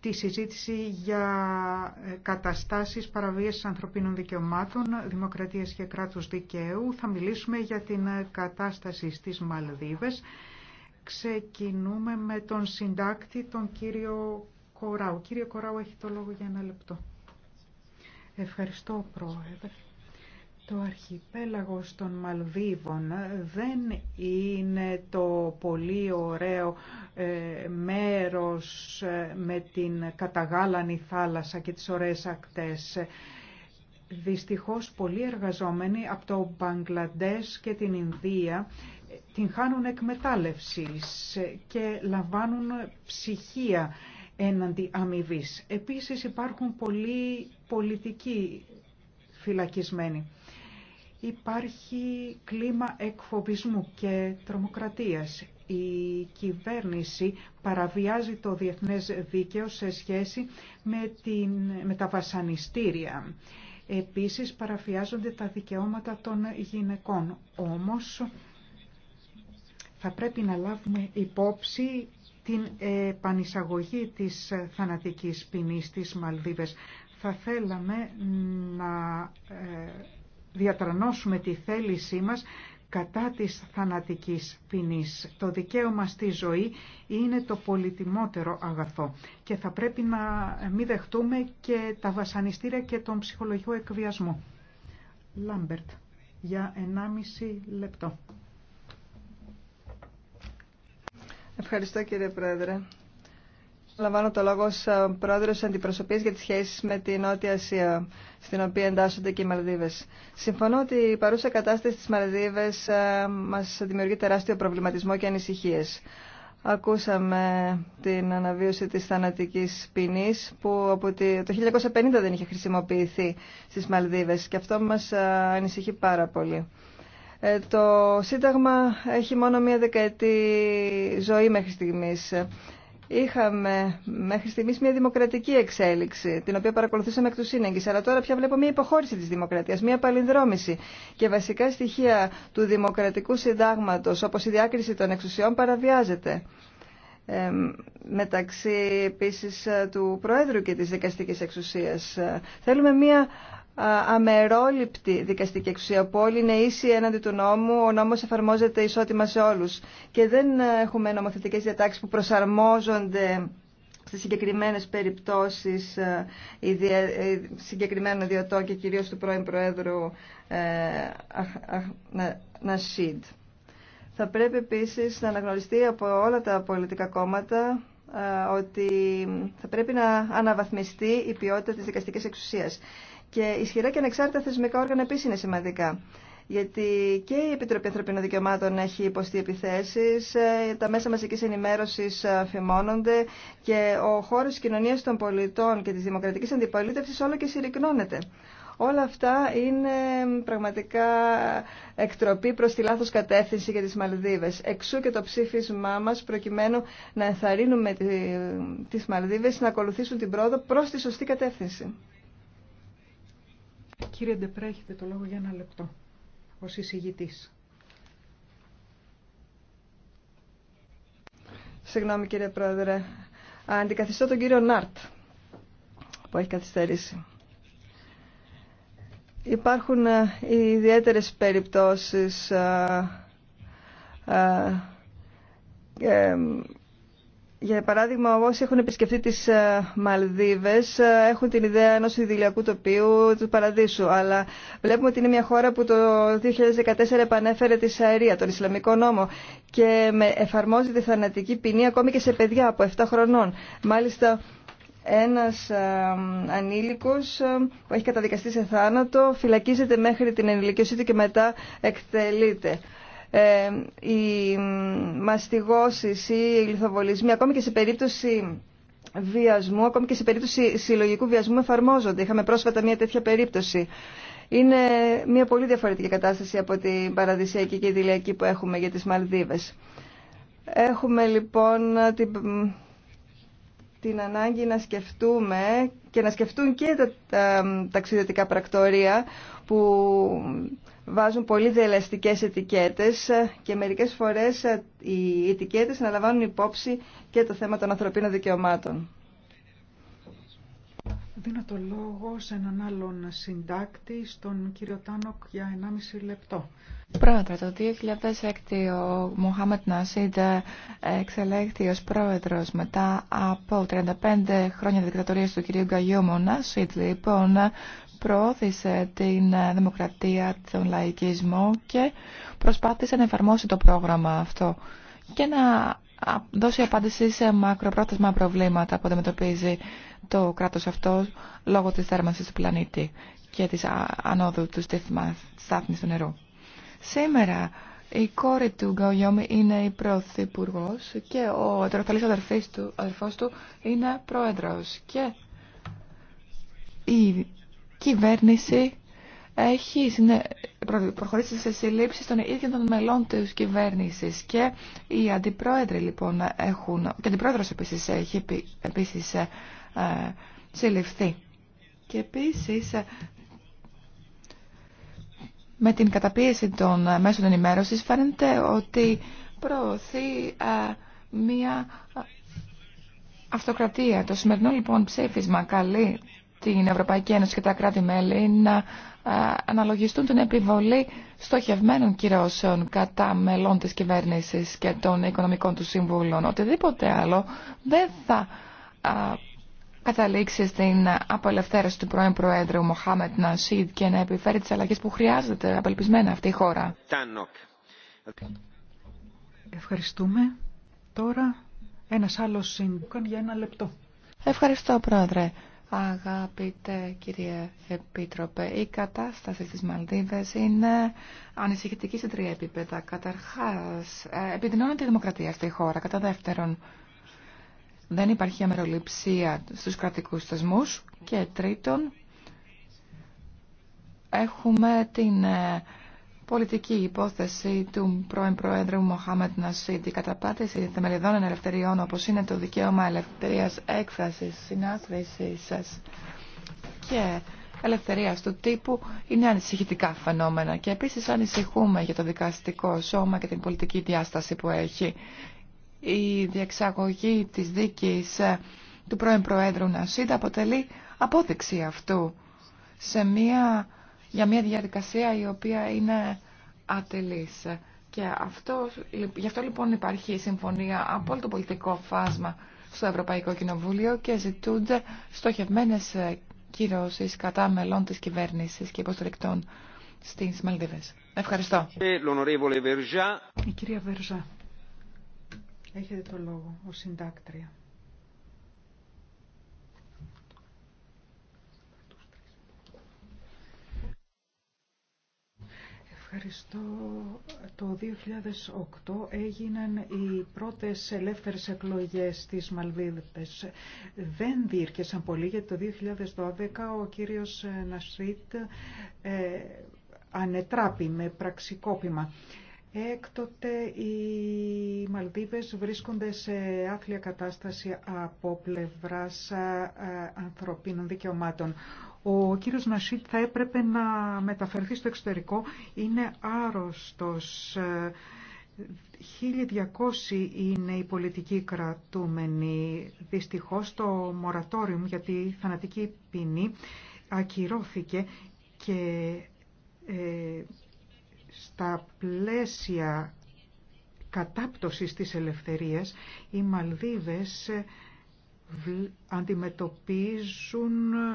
τη συζήτηση για ε, καταστάσεις παραβίασης ανθρωπίνων δικαιωμάτων, δημοκρατίας και κράτους δικαίου. Θα μιλήσουμε για την ε, κατάσταση στις Μαλδίβες. Ξεκινούμε με τον συντάκτη, τον κύριο Κοράου. Κύριε Κοράου, έχει το λόγο για ένα λεπτό. Ευχαριστώ, Πρόεδρε. Το αρχιπέλαγος των Μαλδίβων δεν είναι το πολύ ωραίο ε, μέρος ε, με την καταγάλανη θάλασσα και τις ωραίες ακτές. Δυστυχώς πολλοί εργαζόμενοι από το Μπαγκλαντές και την Ινδία ε, την χάνουν εκμετάλλευσης και λαμβάνουν ψυχία έναντι αμοιβή. Επίσης υπάρχουν πολλοί πολιτικοί φυλακισμένοι υπάρχει κλίμα εκφοβισμού και τρομοκρατίας. Η κυβέρνηση παραβιάζει το διεθνές δίκαιο σε σχέση με, την, με τα βασανιστήρια. Επίσης παραβιάζονται τα δικαιώματα των γυναικών. Όμως θα πρέπει να λάβουμε υπόψη την επανεισαγωγή της θανατικής ποινής της Μαλδίβες. Θα θέλαμε να ε, διατρανώσουμε τη θέλησή μας κατά της θανατικής ποινής. Το δικαίωμα στη ζωή είναι το πολυτιμότερο αγαθό και θα πρέπει να μην δεχτούμε και τα βασανιστήρια και τον ψυχολογικό εκβιασμό. Λάμπερτ, για 1,5 λεπτό. Ευχαριστώ κύριε Πρόεδρε λαμβάνω το λόγο ως ε, πρόεδρος αντιπροσωπής για τις σχέσεις με την Νότια Ασία, στην οποία εντάσσονται και οι Μαλδίβες. Συμφωνώ ότι η παρούσα κατάσταση στις Μαλδίβες ε, μας δημιουργεί τεράστιο προβληματισμό και ανησυχίες. Ακούσαμε την αναβίωση της θανατικής ποινή που από το 1950 δεν είχε χρησιμοποιηθεί στις Μαλδίβες και αυτό μας ε, ανησυχεί πάρα πολύ. Το Σύνταγμα έχει μόνο μία δεκαετή ζωή μέχρι στιγμής είχαμε μέχρι στιγμής μια δημοκρατική εξέλιξη, την οποία παρακολουθήσαμε εκ του σύνεγγυς, αλλά τώρα πια βλέπω μια υποχώρηση της δημοκρατίας, μια παλινδρόμηση και βασικά στοιχεία του δημοκρατικού συντάγματος, όπως η διάκριση των εξουσιών, παραβιάζεται. μεταξύ επίση ε, του Προέδρου και της δικαστικής εξουσίας. Ε, θέλουμε μια αμερόληπτη δικαστική εξουσία που όλοι είναι ίσοι έναντι του νόμου, ο νόμος εφαρμόζεται ισότιμα σε όλους και δεν ε, έχουμε νομοθετικές διατάξεις που προσαρμόζονται στις συγκεκριμένες περιπτώσεις ε, ε, συγκεκριμένων ιδιωτών και κυρίως του πρώην Προέδρου Νασίντ. Θα πρέπει επίσης να αναγνωριστεί από όλα τα πολιτικά κόμματα ότι θα πρέπει να αναβαθμιστεί η ποιότητα της δικαστικής εξουσίας. Και ισχυρά και ανεξάρτητα θεσμικά όργανα επίση είναι σημαντικά. Γιατί και η Επιτροπή Ανθρωπίνων Δικαιωμάτων έχει υποστεί επιθέσει, ε, τα μέσα μαζική ενημέρωση ε, φημώνονται και ο χώρο τη κοινωνία των πολιτών και τη δημοκρατική αντιπολίτευση όλο και συρρυκνώνεται. Όλα αυτά είναι πραγματικά εκτροπή προς τη λάθος κατεύθυνση για τις Μαλδίβες. Εξού και το ψήφισμά μας προκειμένου να ενθαρρύνουμε τις Μαλδίβες να ακολουθήσουν την πρόοδο προς τη σωστή κατεύθυνση. Κύριε Ντεπρέ, έχετε το λόγο για ένα λεπτό, ως εισηγητής. Συγγνώμη κύριε Πρόεδρε. Αντικαθιστώ τον κύριο Νάρτ που έχει καθυστερήσει. Υπάρχουν ε, ιδιαίτερες περιπτώσεις ε, ε, για παράδειγμα, όσοι έχουν επισκεφτεί τις ε, Μαλδίβες ε, έχουν την ιδέα ενός ιδηλιακού τοπίου του παραδείσου, αλλά βλέπουμε ότι είναι μια χώρα που το 2014 επανέφερε τη Σαερία, τον Ισλαμικό νόμο και με εφαρμόζεται θανατική ποινή ακόμη και σε παιδιά από 7 χρονών. Μάλιστα, ένας ε, ανήλικος που έχει καταδικαστεί σε θάνατο φυλακίζεται μέχρι την ενηλικίωσή του και μετά εκτελείται. Ε, οι μαστιγώσεις ή οι λιθοβολισμοί, ακόμη και σε περίπτωση βιασμού, ακόμη και σε περίπτωση συλλογικού βιασμού εφαρμόζονται. Είχαμε πρόσφατα μια τέτοια περίπτωση. Είναι μια πολύ διαφορετική κατάσταση από την παραδοσιακή και Δηλιακή που έχουμε για τις Μαλδίβες. Έχουμε λοιπόν την την ανάγκη να σκεφτούμε και να σκεφτούν και τα, τα ταξιδιωτικά πρακτορία που βάζουν πολύ διελαστικές ετικέτες και μερικές φορές οι ετικέτες αναλαμβάνουν υπόψη και το θέμα των ανθρωπίνων δικαιωμάτων. Δίνω το λόγο σε έναν άλλον συντάκτη, στον κύριο Τάνοκ, για 1,5 λεπτό. Πρόεδρε, το 2006 ο Μοχάμετ Νασίτ, ε, εξελέχθη ως πρόεδρος μετά από 35 χρόνια δικτατορίας του κυρίου Γκαγιόμου Νασίτ, λοιπόν, προώθησε την ε, δημοκρατία, τον λαϊκισμό και προσπάθησε να εφαρμόσει το πρόγραμμα αυτό και να δώσει απάντηση σε μακροπρόθεσμα προβλήματα που αντιμετωπίζει το κράτος αυτό λόγω της θέρμανσης του πλανήτη και της ανόδου του στάθμης του νερού. Σήμερα η κόρη του Γκαουγιόμι είναι η Πρωθυπουργό και ο ετεροφαλής του, αδερφός του είναι πρόεδρος και η κυβέρνηση έχει προχωρήσει σε συλλήψεις των ίδιων των μελών της κυβέρνησης και οι αντιπρόεδροι λοιπόν έχουν, και ο αντιπρόεδρος επίσης έχει επίσης ε, ε, συλληφθεί. Και επίσης ε, με την καταπίεση των ε, μέσων ενημέρωσης φαίνεται ότι προωθεί μία αυτοκρατία. Το σημερινό λοιπόν ψήφισμα καλεί την Ευρωπαϊκή Ένωση και τα κράτη-μέλη να αναλογιστούν την επιβολή στοχευμένων κυρώσεων κατά μελών της κυβέρνησης και των οικονομικών του συμβούλων. Οτιδήποτε άλλο δεν θα καταλήξει στην απελευθέρωση του πρώην Προέδρου Μοχάμετ Νασίδ και να επιφέρει τις αλλαγές που χρειάζεται απελπισμένα αυτή η χώρα. Ευχαριστούμε. Τώρα ένας άλλος σύντουκαν για ένα λεπτό. Ευχαριστώ, Πρόεδρε. Αγαπητέ κύριε Επίτροπε, η κατάσταση στις Μαλδίβες είναι ανησυχητική σε τρία επίπεδα. Καταρχάς, ε, επιδεινώνεται η δημοκρατία στη χώρα. Κατά δεύτερον, δεν υπάρχει αμεροληψία στους κρατικούς θεσμούς. Και τρίτον, έχουμε την ε, πολιτική υπόθεση του πρώην Προέδρου Μοχάμετ η καταπάτηση θεμελιδών ελευθεριών όπως είναι το δικαίωμα ελευθερίας έκφραση, συνάθρησης και ελευθερίας του τύπου είναι ανησυχητικά φαινόμενα και επίσης ανησυχούμε για το δικαστικό σώμα και την πολιτική διάσταση που έχει. Η διεξαγωγή της δίκης του πρώην Προέδρου Νασίδη αποτελεί απόδειξη αυτού σε μία για μια διαδικασία η οποία είναι ατελής. Και αυτό, γι' αυτό λοιπόν υπάρχει συμφωνία από όλο το πολιτικό φάσμα στο Ευρωπαϊκό Κοινοβούλιο και ζητούνται στοχευμένες ε, κυρώσεις κατά μελών της κυβέρνησης και υποστηρικτών στις Μαλδίβες. Ευχαριστώ. Η κυρία Βερζά, έχετε το λόγο ως συντάκτρια. Ευχαριστώ. Το 2008 έγιναν οι πρώτες ελεύθερες εκλογές στις Μαλβίδες. Δεν διήρκεσαν πολύ γιατί το 2012 ο κύριος Νασίτ ε, ανετράπη με πραξικόπημα. Έκτοτε οι Μαλδίβες βρίσκονται σε άθλια κατάσταση από πλευράς ε, ανθρωπίνων δικαιωμάτων. Ο κύριος Νασίτ θα έπρεπε να μεταφερθεί στο εξωτερικό. Είναι άρρωστος. 1.200 ε, είναι οι πολιτικοί κρατούμενοι. Δυστυχώς το μορατόριο για τη θανατική ποινή ακυρώθηκε και ε, στα πλαίσια κατάπτωσης της ελευθερίας οι Μαλδίβες ε, αντιμετωπίζουν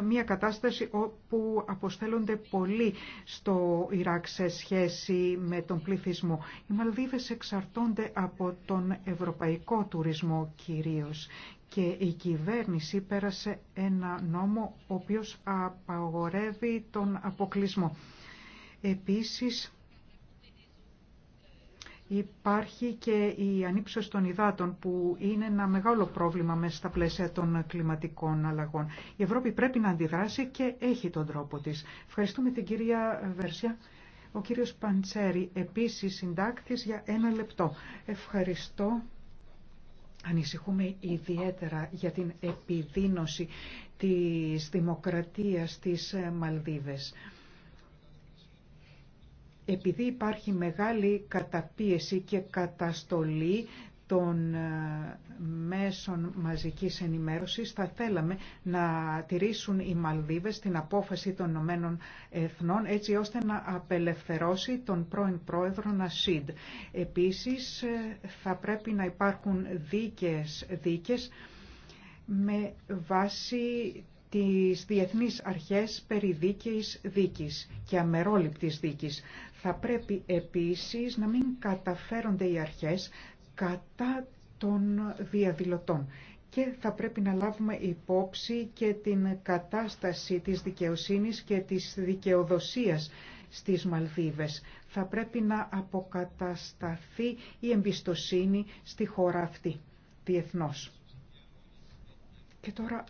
μια κατάσταση όπου αποστέλλονται πολύ στο Ιράκ σε σχέση με τον πληθυσμό. Οι Μαλδίβες εξαρτώνται από τον ευρωπαϊκό τουρισμό κυρίως και η κυβέρνηση πέρασε ένα νόμο ο οποίος απαγορεύει τον αποκλεισμό. Επίσης Υπάρχει και η ανύψωση των υδάτων που είναι ένα μεγάλο πρόβλημα μέσα στα πλαίσια των κλιματικών αλλαγών. Η Ευρώπη πρέπει να αντιδράσει και έχει τον τρόπο της. Ευχαριστούμε την κυρία Βέρσια. Ο κύριος Παντσέρη, επίσης συντάκτης για ένα λεπτό. Ευχαριστώ. Ανησυχούμε ιδιαίτερα για την επιδίνωση της δημοκρατίας της Μαλδίβες. Επειδή υπάρχει μεγάλη καταπίεση και καταστολή των ε, μέσων μαζικής ενημέρωσης θα θέλαμε να τηρήσουν οι Μαλδίβες την απόφαση των Ηνωμένων Εθνών έτσι ώστε να απελευθερώσει τον πρώην πρόεδρο Νασίντ. Επίσης ε, θα πρέπει να υπάρχουν δίκες, δίκες με βάση τις διεθνείς αρχές περί δίκαιης δίκης και αμερόληπτης δίκης. Θα πρέπει επίσης να μην καταφέρονται οι αρχές κατά των διαδηλωτών και θα πρέπει να λάβουμε υπόψη και την κατάσταση της δικαιοσύνης και της δικαιοδοσίας στις Μαλδίβες. Θα πρέπει να αποκατασταθεί η εμπιστοσύνη στη χώρα αυτή διεθνώς. Και τώρα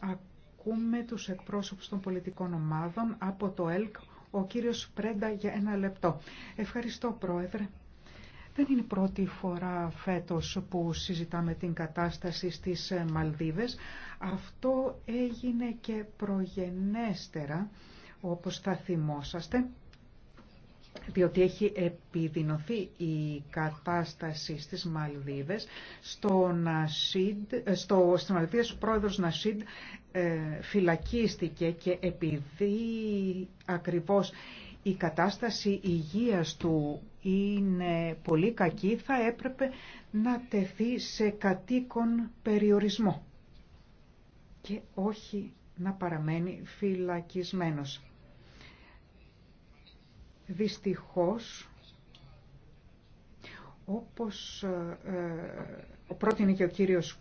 Ακούμε τους εκπρόσωπους των πολιτικών ομάδων από το ΕΛΚ, ο κύριος Πρέντα για ένα λεπτό. Ευχαριστώ Πρόεδρε. Δεν είναι η πρώτη φορά φέτος που συζητάμε την κατάσταση στις Μαλδίβες. Αυτό έγινε και προγενέστερα, όπως θα θυμόσαστε, διότι έχει επιδεινωθεί η κατάσταση στις Μαλδίβες. Στο Νασίδ, ε, στο, στις Μαλδίβες ο πρόεδρος ε, φυλακίστηκε και επειδή ακριβώς η κατάσταση υγείας του είναι πολύ κακή, θα έπρεπε να τεθεί σε κατοίκον περιορισμό και όχι να παραμένει φυλακισμένος. Δυστυχώς, όπως ε, ε πρότεινε και ο κύριος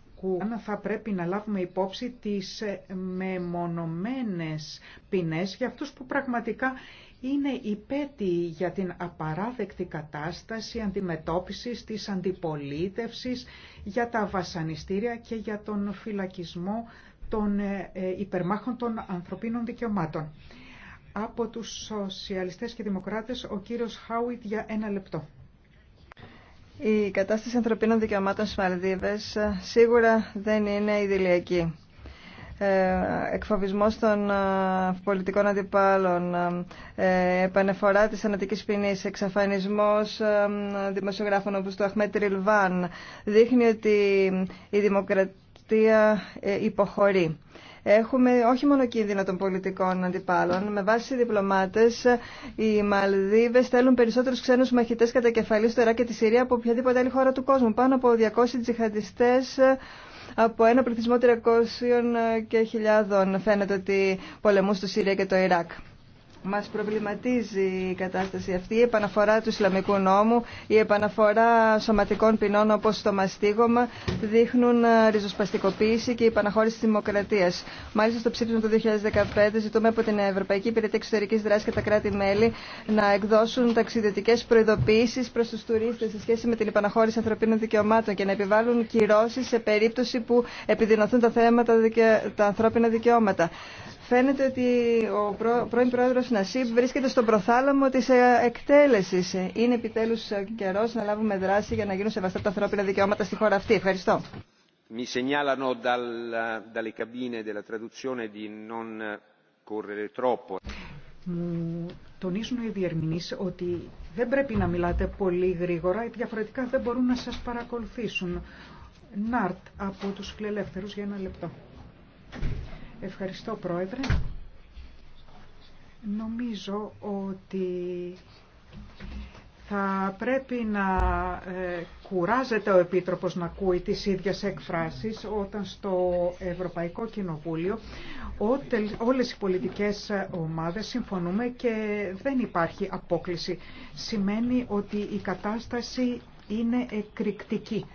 θα πρέπει να λάβουμε υπόψη τις ε, μεμονωμένες ποινές για αυτούς που πραγματικά είναι υπέτη για την απαράδεκτη κατάσταση αντιμετώπισης της αντιπολίτευσης για τα βασανιστήρια και για τον φυλακισμό των ε, ε, υπερμάχων των ανθρωπίνων δικαιωμάτων. Από τους σοσιαλιστές και δημοκράτες, ο κύριος Χάουιτ για ένα λεπτό. Η κατάσταση ανθρωπίνων δικαιωμάτων στις Μαλδίβες ε, σίγουρα δεν είναι ιδηλιακή. Ε, εκφοβισμός των ε, πολιτικών αντιπάλων, επανεφορά της ανατικής ποινής, εξαφανισμός δημοσιογράφων όπως του Αχμέτ Ριλβάν δείχνει ότι η δημοκρατία ε, υποχωρεί. Έχουμε όχι μόνο κίνδυνο των πολιτικών αντιπάλων. Με βάση διπλωμάτε, οι Μαλδίβες θέλουν περισσότερου ξένου μαχητέ κατά κεφαλή στο Ιράκ και τη Συρία από οποιαδήποτε άλλη χώρα του κόσμου. Πάνω από 200 τζιχαντιστέ από ένα πληθυσμό 300 και χιλιάδων φαίνεται ότι πολεμούν στο Συρία και το Ιράκ. Μας προβληματίζει η κατάσταση αυτή, η επαναφορά του Ισλαμικού νόμου, η επαναφορά σωματικών ποινών όπως το μαστίγωμα δείχνουν ε, ριζοσπαστικοποίηση και η επαναχώρηση της δημοκρατίας. Μάλιστα στο ψήφισμα του 2015 ζητούμε από την Ευρωπαϊκή Υπηρετή Εξωτερικής Δράσης και τα κράτη-μέλη να εκδώσουν ταξιδιωτικέ προειδοποιήσεις προς τους τουρίστες σε σχέση με την επαναχώρηση ανθρωπίνων δικαιωμάτων και να επιβάλλουν κυρώσει σε περίπτωση που επιδεινωθούν τα θέματα, τα ανθρώπινα δικαιώματα. Φαίνεται ότι ο πρώην πρόεδρος Νασίπ βρίσκεται στον προθάλαμο της ε, εκτέλεσης. Είναι επιτέλους ε, καιρός να λάβουμε δράση για να γίνουν σεβαστά τα ανθρώπινα δικαιώματα στη χώρα αυτή. Ευχαριστώ. Mi segnalano dalle cabine della traduzione di non eh, correre troppo. Μου τονίζουν οι διερμηνείς ότι δεν πρέπει να μιλάτε πολύ γρήγορα, διαφορετικά δεν μπορούν να σας παρακολουθήσουν. Ναρτ από τους φιλελεύθερους για ένα λεπτό. Ευχαριστώ Πρόεδρε. Νομίζω ότι θα πρέπει να ε, κουράζεται ο Επίτροπος να ακούει τις ίδιες εκφράσεις όταν στο Ευρωπαϊκό Κοινοβούλιο όλες οι πολιτικές ομάδες συμφωνούμε και δεν υπάρχει απόκληση. Σημαίνει ότι η κατάσταση είναι εκρηκτική.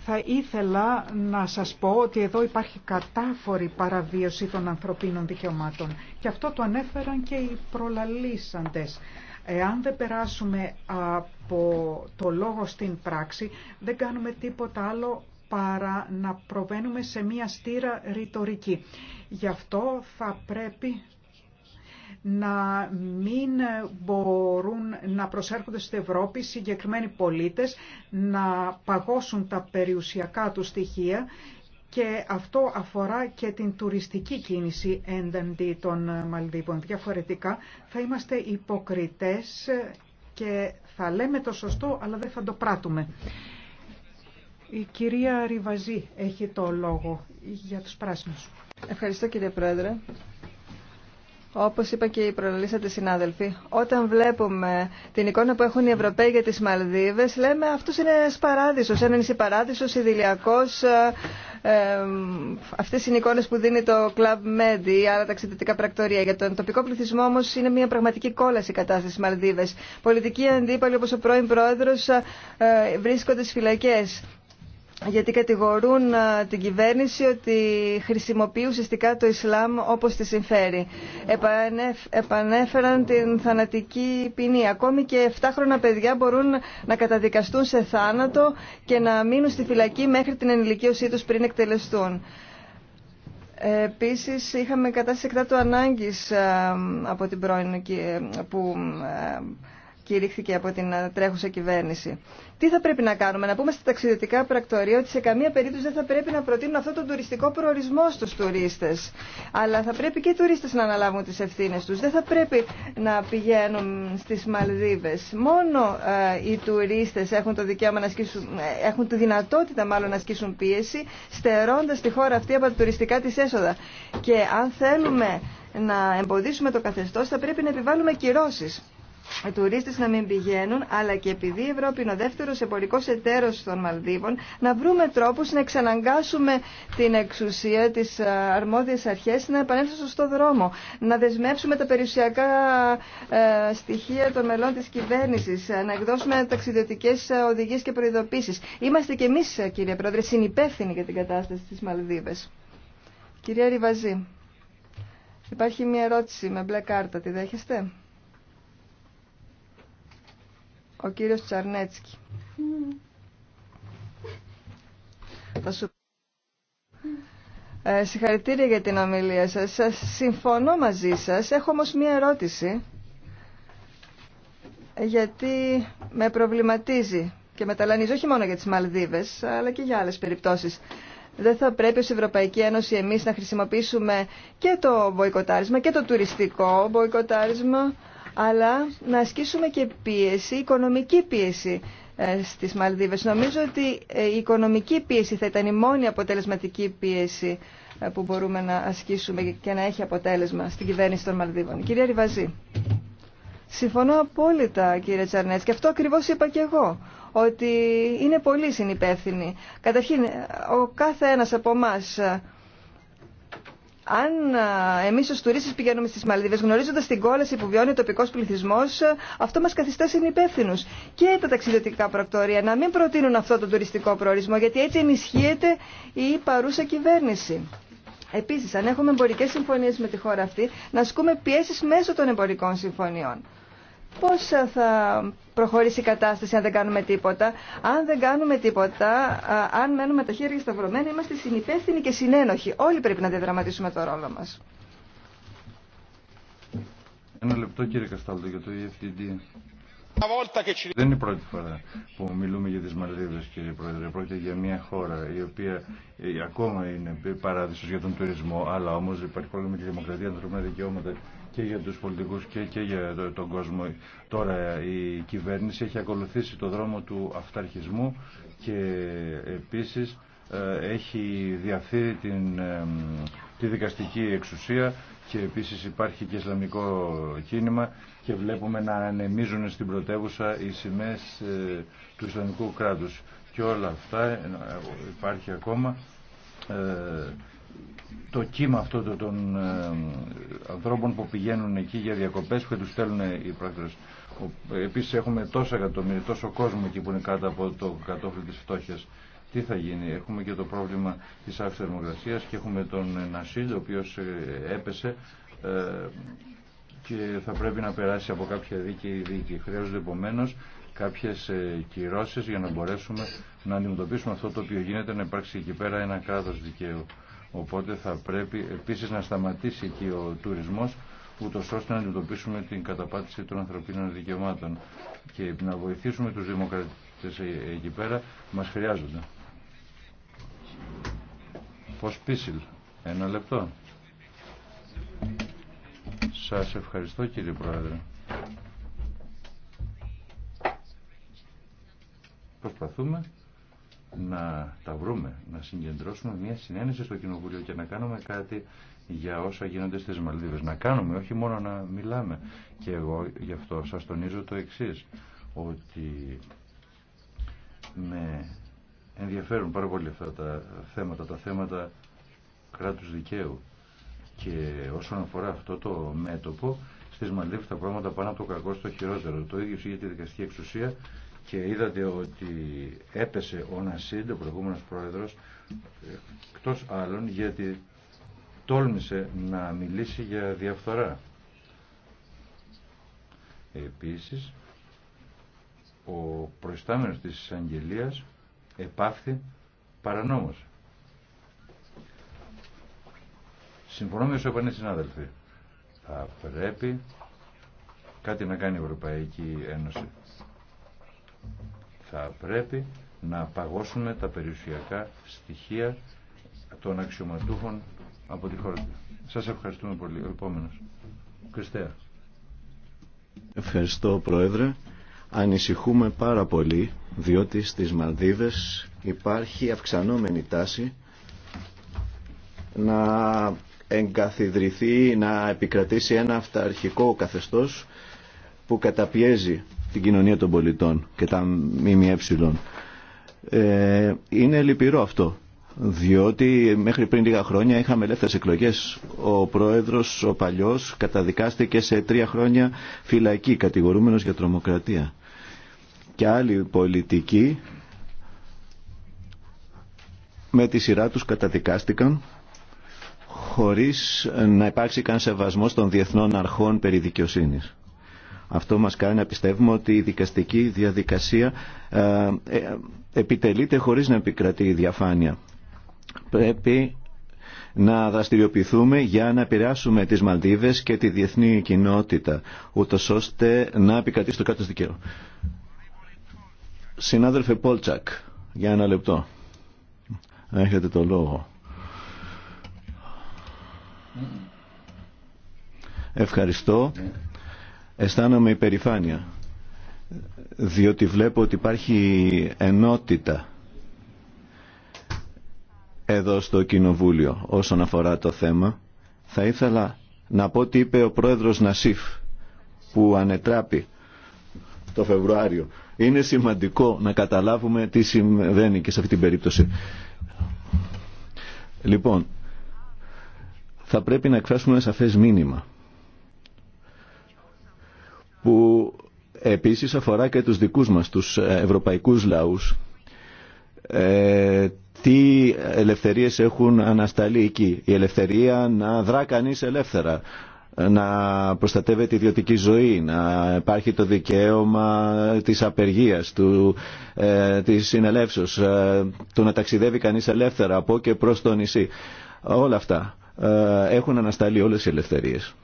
Θα ήθελα να σας πω ότι εδώ υπάρχει κατάφορη παραβίωση των ανθρωπίνων δικαιωμάτων και αυτό το ανέφεραν και οι προλαλήσαντες. Εάν δεν περάσουμε από το λόγο στην πράξη, δεν κάνουμε τίποτα άλλο παρά να προβαίνουμε σε μία στήρα ρητορική. Γι' αυτό θα πρέπει να μην μπορούν να προσέρχονται στην Ευρώπη συγκεκριμένοι πολίτες, να παγώσουν τα περιουσιακά του στοιχεία και αυτό αφορά και την τουριστική κίνηση έναντι των Μαλδίβων. Διαφορετικά θα είμαστε υποκριτές και θα λέμε το σωστό αλλά δεν θα το πράττουμε. Η κυρία Ριβαζή έχει το λόγο για τους πράσινους. Ευχαριστώ κύριε Πρόεδρε. Όπως είπα και οι προλήσατε συνάδελφοι, όταν βλέπουμε την εικόνα που έχουν οι Ευρωπαίοι για τις Μαλδίβες, λέμε αυτός είναι ένας παράδεισος, ένα νησί παράδεισος, ιδηλιακός. Ε, ε, αυτές είναι οι εικόνες που δίνει το Club Med ή άλλα ταξιδιωτικά πρακτορία. Για τον τοπικό πληθυσμό όμω είναι μια πραγματική κόλαση η κατάσταση στις Μαλδίβες. Πολιτικοί αντίπαλοι όπως ο πρώην πρόεδρος ε, ε, βρίσκονται στις φυλακές γιατί κατηγορούν ε, την κυβέρνηση ότι χρησιμοποιεί ουσιαστικά το Ισλάμ όπως τη συμφέρει. επανέφεραν την θανατική ποινή. Ακόμη και 7 χρόνια παιδιά μπορούν να καταδικαστούν σε θάνατο και να μείνουν στη φυλακή μέχρι την ενηλικίωσή τους πριν εκτελεστούν. Ε, επίσης είχαμε κατάσταση εκτάτου ανάγκης ε, από την πρώην που κηρύχθηκε από την τρέχουσα κυβέρνηση. Τι θα πρέπει να κάνουμε, να πούμε στα ταξιδιωτικά πρακτορία ότι σε καμία περίπτωση δεν θα πρέπει να προτείνουν αυτό τον τουριστικό προορισμό στους τουρίστες. Αλλά θα πρέπει και οι τουρίστες να αναλάβουν τις ευθύνες τους. Δεν θα πρέπει να πηγαίνουν στις Μαλδίβες. Μόνο ε, οι τουρίστες έχουν το δικαίωμα να ασκήσουν, ε, έχουν τη δυνατότητα μάλλον να ασκήσουν πίεση, στερώντας τη χώρα αυτή από τα τουριστικά τη έσοδα. Και αν θέλουμε να εμποδίσουμε το καθεστώς θα πρέπει να επιβάλλουμε κυρώσεις οι τουρίστες να μην πηγαίνουν, αλλά και επειδή η Ευρώπη είναι ο δεύτερος εμπορικός εταίρος των Μαλδίβων, να βρούμε τρόπους να εξαναγκάσουμε την εξουσία, της ε, αρμόδιας αρχές, να επανέλθουν στο δρόμο, να δεσμεύσουμε τα περιουσιακά ε, στοιχεία των μελών της κυβέρνησης, ε, να εκδώσουμε ταξιδιωτικές οδηγίες και προειδοποίησεις. Είμαστε και εμείς, κύριε Πρόεδρε, συνυπεύθυνοι για την κατάσταση της Μαλδίβες. Κυρία Ριβαζή, υπάρχει μια ερώτηση με μπλε κάρτα, τη δέχεστε? Ο κύριος Τσαρνέτσκι. Θα Ε, συγχαρητήρια για την ομιλία σας. σας. Συμφωνώ μαζί σας. Έχω όμως μία ερώτηση. Γιατί με προβληματίζει και με ταλανίζει όχι μόνο για τις Μαλδίβες, αλλά και για άλλες περιπτώσεις. Δεν θα πρέπει ως Ευρωπαϊκή Ένωση εμείς να χρησιμοποιήσουμε και το μποϊκοτάρισμα και το τουριστικό μποϊκοτάρισμα αλλά να ασκήσουμε και πίεση, οικονομική πίεση ε, στις Μαλδίβες. Νομίζω ότι ε, η οικονομική πίεση θα ήταν η μόνη αποτελεσματική πίεση ε, που μπορούμε να ασκήσουμε και να έχει αποτέλεσμα στην κυβέρνηση των Μαλδίβων. Κυρία Ριβαζή. Συμφωνώ απόλυτα κύριε Τσαρνέτς και αυτό ακριβώς είπα και εγώ ότι είναι πολύ συνυπεύθυνοι. Καταρχήν ο κάθε ένας από εμά αν εμείς ως τουρίστες πηγαίνουμε στις Μαλδίβες γνωρίζοντας την κόλαση που βιώνει ο τοπικός πληθυσμός, αυτό μας καθιστά συνυπεύθυνου. Και τα ταξιδιωτικά πρακτορία να μην προτείνουν αυτό το τουριστικό προορισμό, γιατί έτσι ενισχύεται η παρούσα κυβέρνηση. Επίσης, αν έχουμε εμπορικές συμφωνίες με τη χώρα αυτή, να ασκούμε πιέσει μέσω των εμπορικών συμφωνιών πώς θα προχωρήσει η κατάσταση αν δεν κάνουμε τίποτα. Αν δεν κάνουμε τίποτα, αν μένουμε τα χέρια σταυρωμένα, είμαστε συνυπεύθυνοι και συνένοχοι. Όλοι πρέπει να διαδραματίσουμε το ρόλο μας. Ένα λεπτό κύριε Καστάλτο για το EFTD. Δεν είναι η πρώτη φορά που μιλούμε για τις Μαλδίβες κύριε Πρόεδρε. Πρόκειται για μια χώρα η οποία ε, ακόμα είναι παράδεισος για τον τουρισμό αλλά όμως υπάρχει πρόβλημα και δημοκρατία, ανθρώπινα δικαιώματα και για τους πολιτικούς και, και για τον κόσμο. Τώρα η κυβέρνηση έχει ακολουθήσει το δρόμο του αυταρχισμού και επίσης ε, έχει διαφθείρει την, τη δικαστική εξουσία και επίσης υπάρχει και Ισλαμικό κίνημα και βλέπουμε να ανεμίζουν στην πρωτεύουσα οι σημαίες ε, του Ισλαμικού κράτους. Και όλα αυτά ε, υπάρχει ακόμα το κύμα αυτό των ε, ανθρώπων που πηγαίνουν εκεί για διακοπές που τους στέλνουν οι πράκτορες. Επίσης έχουμε τόσα εκατομμύρια, τόσο κόσμο εκεί που είναι κάτω από το κατόφλι της φτώχειας. Τι θα γίνει, έχουμε και το πρόβλημα της θερμοκρασίας και έχουμε τον Νασίλ, ο οποίος ε, έπεσε ε, και θα πρέπει να περάσει από κάποια ή δίκη. Χρειάζονται επομένω κάποιες κυρώσεις για να μπορέσουμε να αντιμετωπίσουμε αυτό το οποίο γίνεται, να υπάρξει εκεί πέρα ένα κράτος δικαίου. Οπότε θα πρέπει επίσης να σταματήσει και ο τουρισμός ούτω ώστε να αντιμετωπίσουμε την καταπάτηση των ανθρωπίνων δικαιωμάτων και να βοηθήσουμε τους δημοκρατές ε, εκεί πέρα μας χρειάζονται. Πώς πίσιλ. Ένα λεπτό. Σας ευχαριστώ κύριε Πρόεδρε. Προσπαθούμε να τα βρούμε, να συγκεντρώσουμε μια συνένεση στο Κοινοβούλιο και να κάνουμε κάτι για όσα γίνονται στις Μαλδίβες. Να κάνουμε, όχι μόνο να μιλάμε. Και εγώ γι' αυτό σας τονίζω το εξής, ότι με ενδιαφέρουν πάρα πολύ αυτά τα θέματα, τα θέματα κράτους δικαίου. Και όσον αφορά αυτό το μέτωπο, στις Μαλδίβες τα πράγματα πάνε από το κακό στο χειρότερο. Το ίδιο για τη δικαστική εξουσία και είδατε ότι έπεσε ο Νασίντ, ο προηγούμενος πρόεδρος, ε, εκτός άλλων γιατί τόλμησε να μιλήσει για διαφθορά. Επίσης, ο προϊστάμενος της Αγγελιας επάφθη παρανόμως. Συμφωνώ με όσο είπαν συνάδελφοι. Θα πρέπει κάτι να κάνει η Ευρωπαϊκή Ένωση. Θα πρέπει να παγώσουμε τα περιουσιακά στοιχεία των αξιωματούχων από τη χώρα. Σας ευχαριστούμε πολύ. Ο επόμενος. Κριστέα. Ευχαριστώ Πρόεδρε. Ανησυχούμε πάρα πολύ διότι στις Μαλδίβες υπάρχει αυξανόμενη τάση να εγκαθιδρυθεί, να επικρατήσει ένα αυταρχικό καθεστώς που καταπιέζει την κοινωνία των πολιτών και τα ΜΜΕ. Ε, είναι λυπηρό αυτό, διότι μέχρι πριν λίγα χρόνια είχαμε ελεύθερες εκλογές. Ο πρόεδρος, ο παλιός, καταδικάστηκε σε τρία χρόνια φυλακή, κατηγορούμενος για τρομοκρατία. Και άλλοι πολιτικοί με τη σειρά τους καταδικάστηκαν χωρίς να υπάρξει καν σεβασμός των διεθνών αρχών περί δικαιοσύνης. Αυτό μας κάνει να πιστεύουμε ότι η δικαστική διαδικασία ε, ε, επιτελείται χωρίς να επικρατεί η διαφάνεια. Πρέπει να δραστηριοποιηθούμε για να επηρεάσουμε τις Μαλδίβες και τη διεθνή κοινότητα, ούτως ώστε να επικρατήσει το κάτω δικαίωμα. Συνάδελφε Πόλτσακ, για ένα λεπτό. Έχετε το λόγο. Ευχαριστώ. Ναι αισθάνομαι υπερηφάνεια διότι βλέπω ότι υπάρχει ενότητα εδώ στο Κοινοβούλιο όσον αφορά το θέμα. Θα ήθελα να πω τι είπε ο πρόεδρος Νασίφ που ανετράπη το Φεβρουάριο. Είναι σημαντικό να καταλάβουμε τι συμβαίνει και σε αυτή την περίπτωση. Λοιπόν, θα πρέπει να εκφράσουμε ένα σαφές μήνυμα που επίσης αφορά και τους δικούς μας, τους ευρωπαϊκούς λαούς. Ε, τι ελευθερίες έχουν ανασταλεί εκεί. Η ελευθερία να δρά κανείς ελεύθερα, να προστατεύεται η ιδιωτική ζωή, να υπάρχει το δικαίωμα της απεργίας, του, ε, της συνελεύσεως, ε, του να ταξιδεύει κανείς ελεύθερα από και προς το νησί. Όλα αυτά έχουν ανασταλεί όλες οι ελευθερίες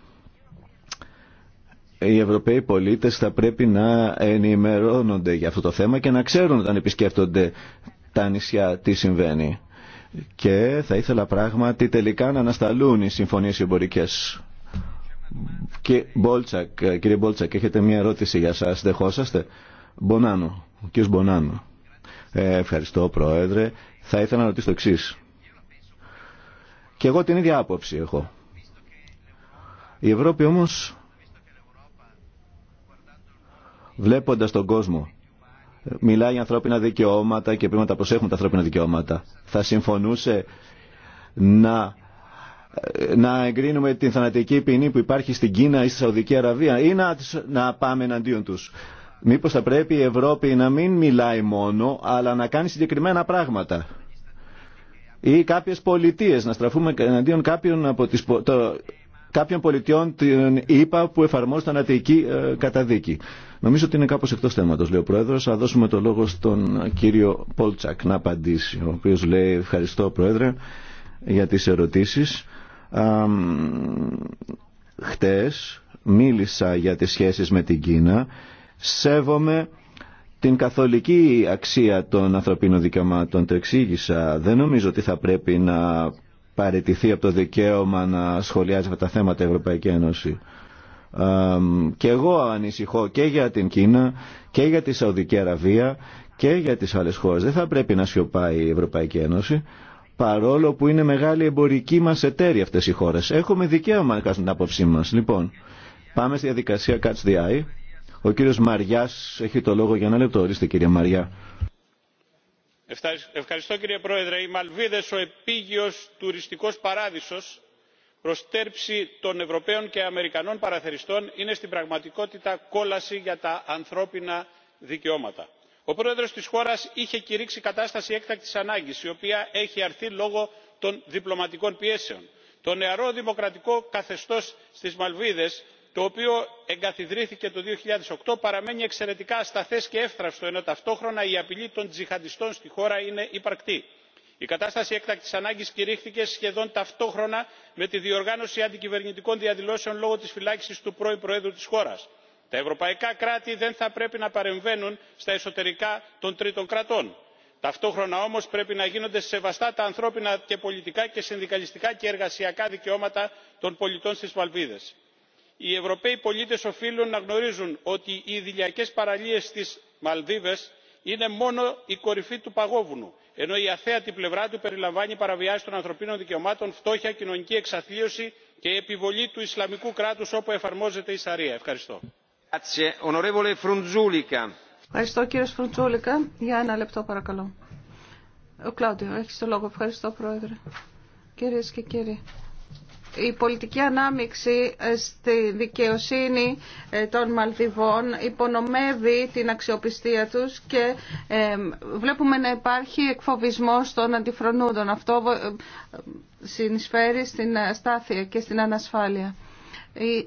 οι Ευρωπαίοι πολίτες θα πρέπει να ενημερώνονται για αυτό το θέμα και να ξέρουν όταν επισκέφτονται τα νησιά τι συμβαίνει. Και θα ήθελα πράγματι τελικά να ανασταλούν οι συμφωνίες εμπορικές. Και κύριε Μπόλτσακ, έχετε μια ερώτηση για σας, δεχόσαστε. Μπονάνο, ο κύριος Μπονάνο. Ε, ευχαριστώ Πρόεδρε. Θα ήθελα να ρωτήσω το εξή. Και εγώ την ίδια άποψη έχω. Η Ευρώπη όμως βλέποντας τον κόσμο. Μιλάει για ανθρώπινα δικαιώματα και πρέπει να τα προσέχουμε τα ανθρώπινα δικαιώματα. Θα συμφωνούσε να, να εγκρίνουμε την θανατική ποινή που υπάρχει στην Κίνα ή στη Σαουδική Αραβία ή να, να πάμε εναντίον τους. Μήπως θα πρέπει η Ευρώπη να μην μιλάει μόνο, αλλά να κάνει συγκεκριμένα πράγματα. Ή κάποιες πολιτείες, να στραφούμε εναντίον κάποιων από τις... Το, κάποιων πολιτιών την ΗΠΑ που εφαρμόζουν ε, καταδίκη. Νομίζω ότι είναι κάπως εκτός θέματος, λέει ο Πρόεδρος. Θα δώσουμε το λόγο στον κύριο Πολτσακ να απαντήσει, ο οποίος λέει ευχαριστώ Πρόεδρε για τις ερωτήσεις. Α, χτες μίλησα για τις σχέσεις με την Κίνα. Σέβομαι την καθολική αξία των ανθρωπίνων δικαιωμάτων. Το εξήγησα. Δεν νομίζω ότι θα πρέπει να παραιτηθεί από το δικαίωμα να σχολιάζει με τα θέματα η Ευρωπαϊκή Ένωση. Και εγώ ανησυχώ και για την Κίνα και για τη Σαουδική Αραβία και για τις άλλες χώρες. Δεν θα πρέπει να σιωπάει η Ευρωπαϊκή Ένωση παρόλο που είναι μεγάλη εμπορική μας εταίρια αυτές οι χώρες. Έχουμε δικαίωμα να κάνουμε την άποψή μας. Λοιπόν, πάμε στη διαδικασία Catch the Eye. Ο κύριος Μαριάς έχει το λόγο για ένα λεπτό. Ορίστε κύριε Μαριά κύριε πρόεδρε οι μαλβίδες ο επίγειος τουριστικός παράδεισος προς τέρψη των ευρωπαίων και αμερικανών παραθεριστών είναι στην πραγματικότητα κόλαση για τα ανθρώπινα δικαιώματα. ο πρόεδρος της χώρας είχε κηρύξει κατάσταση έκτακτης ανάγκης η οποία έχει αρθεί λόγω των διπλωματικών πιέσεων. το νεαρό δημοκρατικό καθεστώς στις μαλβίδες το οποίο εγκαθιδρύθηκε το δύο χιλιάδες οκτώ παραμένει εξαιρετικά ασταθές και εύθραυστο ενώ ταυτόχρονα η απειλή των τζιχαντιστών στη χώρα είναι υπαρκτή. η κατάσταση έκτακτης ανάγκης κηρύχθηκε σχεδόν ταυτόχρονα με τη διοργάνωση αντικυβερνητικών διαδηλώσεων λόγω της φυλάκισης του πρώην προέδρου της χώρας. τα ευρωπαϊκά κράτη δεν θα πρέπει να παρεμβαίνουν στα εσωτερικά των τρίτων κρατών. ταυτόχρονα όμως πρέπει να γίνονται σεβαστά τα ανθρώπινα και πολιτικά και συνδικαλιστικά και εργασιακά δικαιώματα των πολιτών στις μαλδίβες οι ευρωπαίοι πολίτες οφείλουν να γνωρίζουν ότι οι ιδηλιακές παραλίες στις μαλδίβες είναι μόνο η κορυφή του παγόβουνου ενώ η αθέατη πλευρά του περιλαμβάνει παραβιάσεις των ανθρωπίνων δικαιωμάτων φτώχεια κοινωνική εξαθλίωση και επιβολή του ισλαμικού κράτους όπου εφαρμόζεται η σαρία. ευχαριστώ η πολιτική ανάμειξη ε, στη δικαιοσύνη ε, των Μαλδιβών υπονομεύει την αξιοπιστία τους και ε, βλέπουμε να υπάρχει εκφοβισμός των αντιφρονούντων. Αυτό συνεισφέρει στην αστάθεια και στην ανασφάλεια.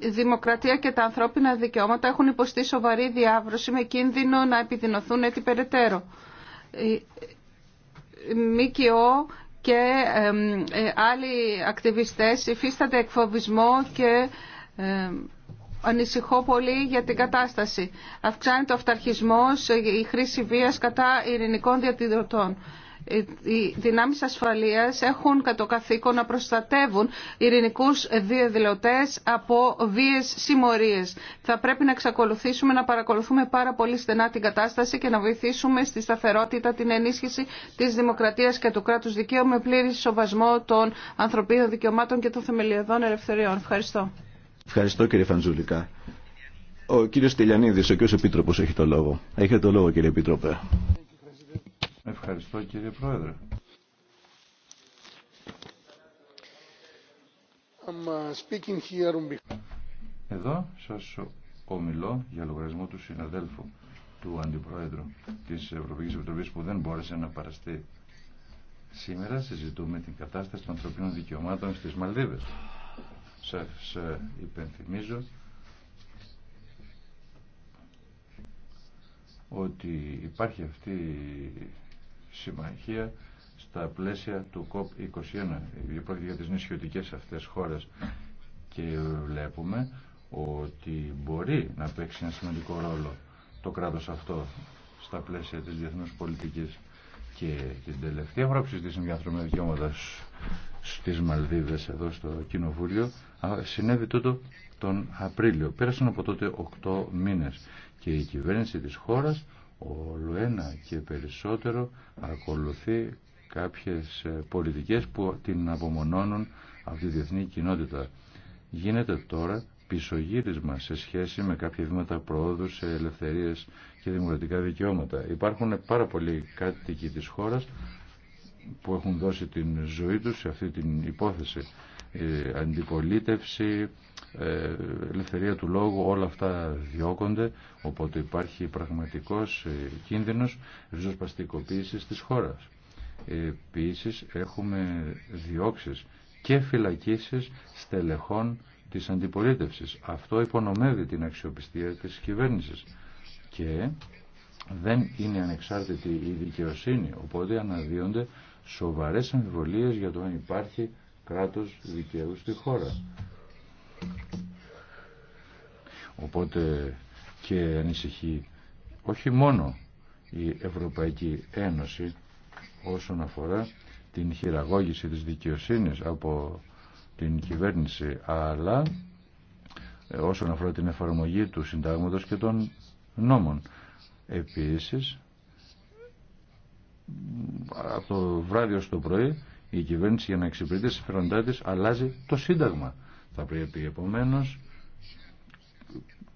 Η δημοκρατία και τα ανθρώπινα δικαιώματα έχουν υποστεί σοβαρή διάβρωση με κίνδυνο να επιδεινωθούν έτσι περαιτέρω. ΜΚΟ και ε, άλλοι ακτιβιστές υφίστανται εκφοβισμό και ανησυχώ πολύ για την κατάσταση. Αυξάνεται ο αυταρχισμός, η χρήση βίας κατά ειρηνικών διατηρητών. Ε, οι δυνάμεις ασφαλείας έχουν κατ' καθήκον να προστατεύουν ειρηνικούς διαδηλωτές από βίες συμμορίες. Θα πρέπει να εξακολουθήσουμε να παρακολουθούμε πάρα πολύ στενά την κατάσταση και να βοηθήσουμε στη σταθερότητα την ενίσχυση της δημοκρατίας και του κράτους δικαίου με πλήρη σοβασμό των ανθρωπίνων δικαιωμάτων και των θεμελιωδών ελευθεριών. Ευχαριστώ. Ευχαριστώ κύριε Φαντζουλικά. Ο κύριος Τελιανίδης, ο κύριος Επίτροπος έχει το λόγο. Έχετε το λόγο κύριε Επίτροπε. Ευχαριστώ κύριε Πρόεδρε. Uh, Εδώ σας ομιλώ για λογαριασμό του συναδέλφου του Αντιπρόεδρου της Ευρωπαϊκής Επιτροπής που δεν μπόρεσε να παραστεί. Σήμερα συζητούμε την κατάσταση των ανθρωπίνων δικαιωμάτων στις Μαλδίβες. Σας ε, υπενθυμίζω ότι υπάρχει αυτή συμμαχία στα πλαίσια του COP21. Πρόκειται για τις νησιωτικές αυτές χώρες και βλέπουμε ότι μπορεί να παίξει ένα σημαντικό ρόλο το κράτος αυτό στα πλαίσια της διεθνούς πολιτικής και την τελευταία φορά που συζητήσαμε για ανθρώπινα δικαιώματα στις Μαλδίβες εδώ στο Κοινοβούλιο συνέβη τούτο τον Απρίλιο. Πέρασαν από τότε 8 μήνες και η κυβέρνηση της χώρας όλο ένα και περισσότερο ακολουθεί κάποιες ε, πολιτικές που την απομονώνουν από τη διεθνή κοινότητα. Γίνεται τώρα πισωγύρισμα σε σχέση με κάποια βήματα προόδου σε ελευθερίες και δημοκρατικά δικαιώματα. Υπάρχουν πάρα πολλοί κάτοικοι της χώρας που έχουν δώσει την ζωή τους σε αυτή την υπόθεση. Ε, αντιπολίτευση, ε, ελευθερία του λόγου, όλα αυτά διώκονται, οπότε υπάρχει πραγματικός ε, κίνδυνος ριζοσπαστικοποίησης της χώρας. Επίση έχουμε διώξεις και φυλακίσεις στελεχών της αντιπολίτευσης. Αυτό υπονομεύει την αξιοπιστία της κυβέρνησης και δεν είναι ανεξάρτητη η δικαιοσύνη, οπότε αναδύονται σοβαρές αμφιβολίες για το αν υπάρχει κράτος δικαίου στη χώρα. Οπότε και ανησυχεί όχι μόνο η Ευρωπαϊκή Ένωση όσον αφορά την χειραγώγηση της δικαιοσύνης από την κυβέρνηση αλλά ε, όσον αφορά την εφαρμογή του συντάγματος και των νόμων. Επίσης από το βράδυ ως το πρωί η κυβέρνηση για να εξυπηρετεί φροντά της αλλάζει το Σύνταγμα. Θα πρέπει επομένως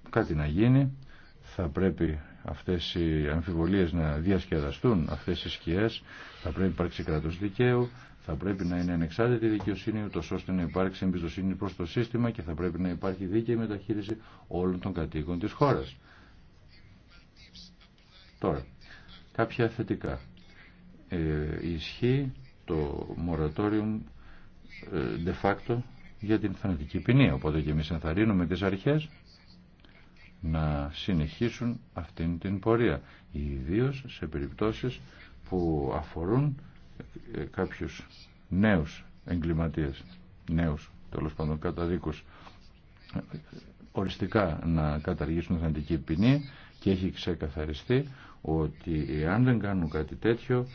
κάτι να γίνει, θα πρέπει αυτές οι αμφιβολίες να διασκεδαστούν, αυτές οι σκιές, θα πρέπει να υπάρξει κράτος δικαίου, θα πρέπει να είναι ανεξάρτητη δικαιοσύνη, ούτως ώστε να υπάρξει εμπιστοσύνη προς το σύστημα και θα πρέπει να υπάρχει δίκαιη μεταχείριση όλων των κατοίκων της χώρας. Τώρα, κάποια θετικά. Ε, ισχύει το moratorium ε, de facto για την θανατική ποινή. Οπότε και εμείς ενθαρρύνουμε τις αρχές να συνεχίσουν αυτήν την πορεία. ιδίω σε περιπτώσεις που αφορούν ε, κάποιους νέους εγκληματίες, νέους τέλο πάντων καταδίκους, οριστικά να καταργήσουν θανατική ποινή και έχει ξεκαθαριστεί ότι αν δεν κάνουν κάτι τέτοιο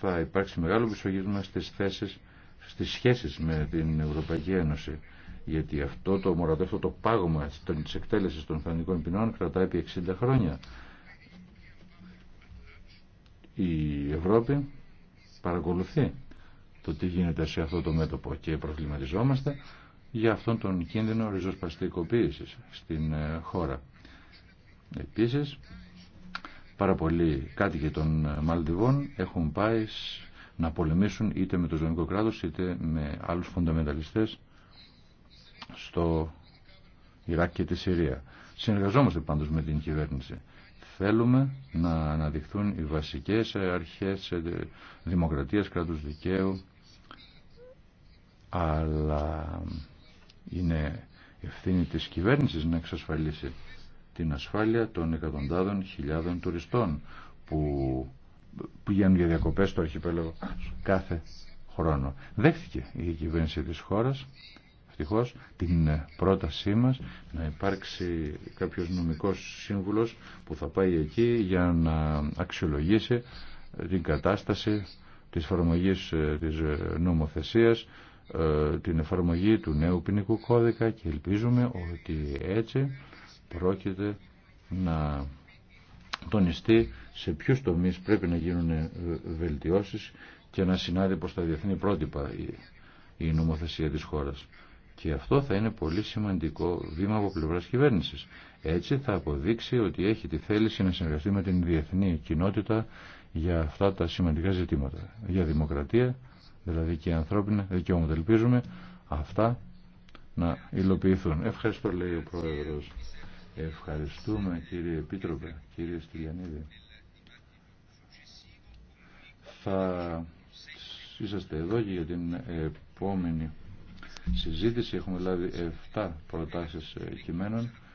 θα υπάρξει μεγάλο πισωγύρισμα στις θέσεις, στις σχέσεις με την Ευρωπαϊκή Ένωση. Γιατί αυτό το μορατό, αυτό το πάγωμα της εκτέλεσης των θανικών ποινών κρατάει επί 60 χρόνια. Η Ευρώπη παρακολουθεί το τι γίνεται σε αυτό το μέτωπο και προβληματιζόμαστε για αυτόν τον κίνδυνο ριζοσπαστικοποίησης στην ε, χώρα. Επίσης, πάρα πολλοί κάτοικοι των Μαλτιβών έχουν πάει να πολεμήσουν είτε με το Ζωνικό κράτος είτε με άλλους φονταμεταλιστές στο Ιράκ και τη Συρία. Συνεργαζόμαστε πάντως με την κυβέρνηση. Θέλουμε να αναδειχθούν οι βασικές αρχές ε, δημοκρατίας, κράτους δικαίου, αλλά είναι ευθύνη της κυβέρνησης να εξασφαλίσει την ασφάλεια των εκατοντάδων χιλιάδων τουριστών που πηγαίνουν για διακοπές στο αρχιπέλαγο κάθε χρόνο. Δέχθηκε η κυβέρνηση της χώρας ευτυχώ την πρότασή μας να υπάρξει κάποιος νομικός σύμβουλος που θα πάει εκεί για να αξιολογήσει την κατάσταση της εφαρμογής ε, της ε, νομοθεσίας ε, την εφαρμογή του νέου ποινικού κώδικα και ελπίζουμε ότι έτσι πρόκειται να τονιστεί σε ποιου τομεί πρέπει να γίνουν ε, βελτιώσεις και να συνάδει προς τα διεθνή πρότυπα η νομοθεσία της χώρας. Και αυτό θα είναι πολύ σημαντικό βήμα από πλευράς κυβέρνησης. Έτσι θα αποδείξει ότι έχει τη θέληση να συνεργαστεί με την διεθνή κοινότητα για αυτά τα σημαντικά ζητήματα. Για δημοκρατία, δηλαδή και ανθρώπινα δικαιώματα. Ελπίζουμε αυτά να υλοποιηθούν. Ευχαριστώ λέει ο πρόεδρο. Ευχαριστούμε κύριε Επίτροπε, κύριε Στυλιανίδη. Θα είσαστε εδώ και για την επόμενη συζήτηση. Έχουμε λάβει 7 προτάσεις ε, κειμένων.